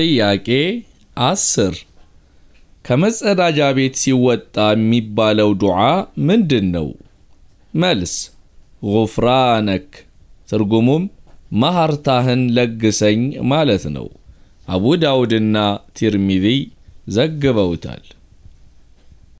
ጥያቄ አስር ከመጸዳጃ ቤት ሲወጣ የሚባለው ዱዓ ምንድን ነው? መልስ ጉፍራነክ ትርጉሙም መሐርታህን ለግሰኝ ማለት ነው። አቡ ዳውድና ቲርሚዚ ዘግበውታል።